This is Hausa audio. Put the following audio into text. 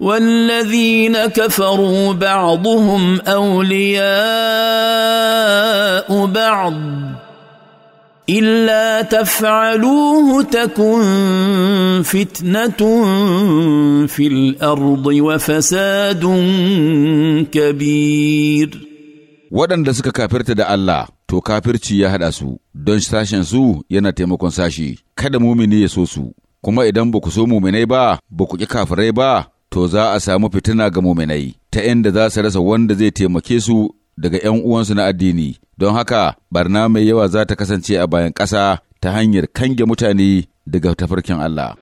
والذين كفروا بعضهم اولياء بعض الا تفعلوه تكن فتنه في الارض وفساد كبير waɗanda suka kafirta da Allah to kafirci ya haɗa su don sashen su yana taimakon sashi kada mumini ya so su kuma idan ba ku so muminai ba ba ku ƙi kafirai ba to za a samu fitina ga muminai ta inda za su rasa wanda zai taimake su daga 'yan uwansu na addini don haka barna mai yawa za ta kasance a bayan ƙasa ta hanyar kange mutane daga tafarkin Allah.